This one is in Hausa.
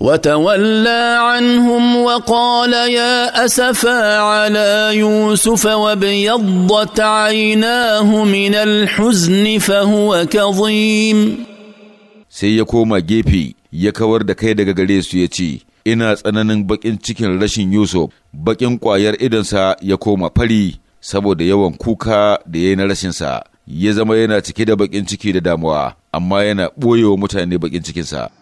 وتولى عنهم وقال يا اسفا على يوسف وابيضت عيناه من الحزن فهو كظيم sai ya koma gefe ya kawar da kai daga gare su ya ce ina tsananin baƙin cikin rashin yusuf baƙin ƙwayar idonsa ya koma fari saboda yawan kuka da ya yi na rashinsa ya zama yana cike da baƙin ciki da damuwa amma yana ɓoyewa mutane baƙin cikinsa